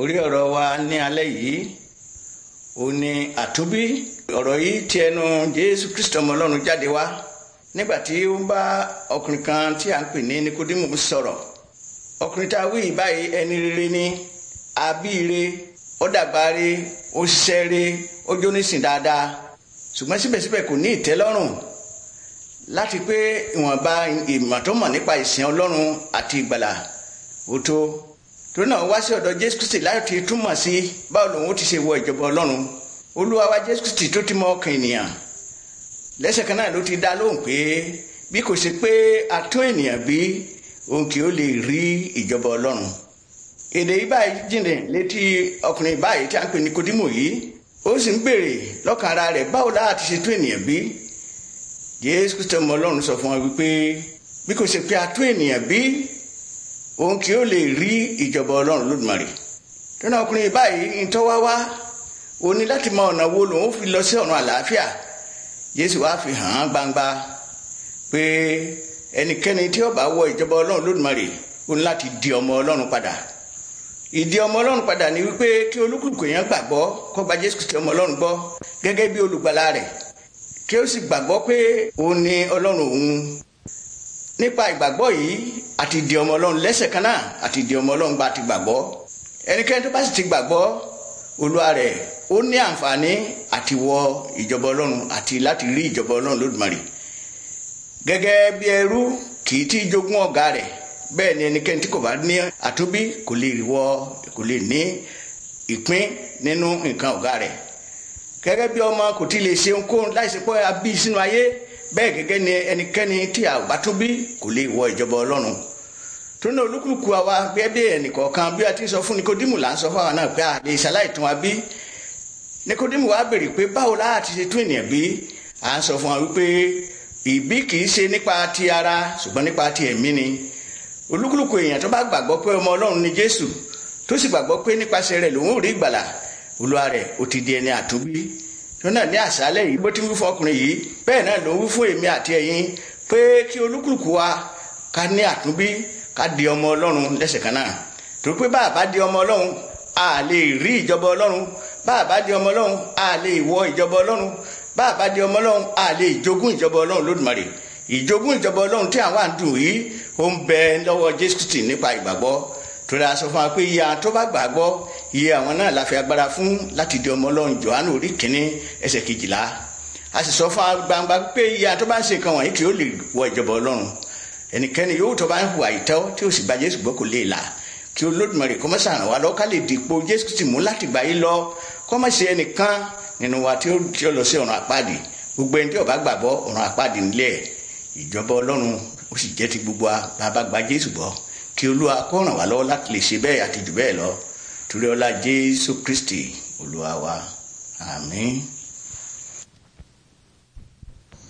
orí ọ̀rọ̀ wa ní alẹ́ yìí ó ní àtúnbí ọ̀rọ̀ yìí ti ẹnu Jésù Kristi ọmọ Ọlọ́run jáde wá nígbà tí ó ń bá ọkùnrin kan tí a ń pè ní Nikodimu sọ̀rọ̀ ọkùnrin tá a wí báyìí ẹni rere ni abíire ó dàgbáre ó ṣiṣẹ́ re ó jónísìn dáadáa ṣùgbọ́n síbẹ̀síbẹ̀ kò ní ìtẹ́lọ́rùn láti pé ìwọ̀nba ìmọ̀ tó mọ̀ nípa ìsìn Ọlọ́run àti ìgbàlà ó tó torí náà wá sí ọ̀dọ̀ jésù kristi láti túmọ̀ sí báwo lòun ó ti ṣe wọ ìjọba ọlọ́run olúwa wa jésù kristi tó ti mọ ọkàn ènìyàn lẹ́sẹ̀ kan náà ló ti dá lóhùn pé bí kò ṣe pé a tó ènìyàn bí òun kì ó lè rí ìjọba ọlọ́run èdè yìí báyìí jìnnà létí ọkùnrin báyìí tí a ń pè ní kodimu yìí ó sì ń béèrè lọ́kàn ara rẹ̀ báwo láà ti ṣe tó ènìyàn bí jésù kristi ọmọ ọlọ́run sọ fún wa wípé bí kò ṣe pé a tó ènìyàn bí òun kì yóò lè rí ìjọba ọlọ́run lódùmarè lọ́nà ọkùnrin báyìí ntọ́wá wá ó ní láti mọ ọ̀nà wo lòun fi lọ sí ọ̀nà àlàáfíà Jésù wá fi hàn án gbangba pé ẹnikẹ́ni tí ó bá wọ ìjọba ọlọ́run lódùmarè ó láti di ọmọ ọlọ́run padà ìdí ọmọ ọlọ́run padà ni wípé kí olúkúlùkù èèyàn gbàgbọ́ kó gba Jésù Kristi ọmọ ọlọ́run gbọ́ gẹ́gẹ́ bí olùgbàlà rẹ̀ kí ó sì gbàgbọ́ pé òun ni ọlọ́run òun nípa ìgbàgbọ́ yìí àti di ọmọ ọlọ́run lẹ́sẹ̀ kan náà àti di ọmọ ọlọ́run gba ti gbàgbọ́ ẹnikẹ́ni tó bá sì ti gbàgbọ́ olúwa rẹ̀ ó ní àǹfààní àti wọ ìjọba ọlọ́run àti láti rí ìjọba ọlọ́run lódùmarè gẹ́gẹ́ bí ẹrú kì í tí jogún ọ̀gá rẹ̀ bẹ́ẹ̀ ni ẹnikẹ́ni tí kò bá ní àtúbí kò lè wọ kò lè ní ìpín nínú nǹkan ọ̀gá rẹ̀ gẹ́gẹ́ bí ọmọ kò tí lè ṣe ohunkóhun láìsí pé sínú ayé bẹ́ẹ̀ gẹ́gẹ́ ni ẹnikẹ́ni tí a bá tún bí kò lè wọ ìjọba ọlọ́run tó ní olúkúlùkù àwa gẹ́gẹ́ ẹnìkọ̀ọ̀kan bí a ti sọ fún Nikodimu là ń sọ fún àwa náà pé àlè ìṣaláìtàn wa bí Nikodimu wa béèrè pé báwo láà ti ṣe tún ènìyàn bí à ń sọ fún wa wípé ìbí kì ṣe nípa ti ara ṣùgbọ́n nípa ti ẹ̀mí ni olúkúlùkù èèyàn tó bá gbàgbọ́ pé ọmọ Ọlọ́run ni Jésù tó sì gbàgbọ́ pé nípasẹ̀ rẹ̀ lòun ò rí ìgbàlà olúwa rẹ̀ ó ti di ẹni àtúnbí tó náà ní àṣálẹ́ yìí bó ti wí fún ọkùnrin yìí bẹ́ẹ̀ náà ló wí fún èmi àti ẹ̀yin pé kí olúkúlùkù wa ká ní àtúnbí ká di ọmọ ọlọ́run lẹ́sẹ̀ kan náà torí pé bá a bá di ọmọ ọlọ́run a lè rí ìjọba ọlọ́run bá a bá di ọmọ ọlọ́run a lè wọ ìjọba ọlọ́run bá a bá di ọmọ ọlọ́run a lè jogún ìjọba ọlọ́run lódùmarè ìjogún ìjọba ọlọ́run tí àwọn àdùn yìí ó ń bẹ lọ́wọ́ jésù kristi nípa ìgbàgbọ́ torí a sọ fún wa pé iye tó bá gbàgbọ́ iye àwọn náà la fi agbára fún láti di ọmọ ọlọ́run jòhánù orí kìíní ẹsẹ̀ kejìlá a sì sọ fún wa gbangba pé iye àwọn tó bá ń ṣe nǹkan wọ̀nyí kì yóò lè wọ ìjọba ọlọ́run ẹnikẹ́ni yóò tó bá ń hùwà ìtẹ́wọ́ tí ó sì bá jésù gbọ́ kò lè là kí olódùmarè kó má ṣàràn wá lọ ká lè dìpọ̀ jésù ti mú láti gbà yí lọ kó má ṣe ẹnìkan nínú wa tí ó lọ sí ọ̀run àpáàdì gbogbo ẹni tí ó bá gbàgbọ́ ọ̀run àpáàdì nílẹ̀ ìjọba ọlọ́run ó sì jẹ́ ti gbogbo wa bàbá gba jésù gbọ́ kí olúwa kó ràn wá lọ́wọ́ láti lè ṣe bẹ́ẹ̀ àti jù bẹ́ẹ̀ lọ torí ọlá jésù kristi olúwa wa àmín.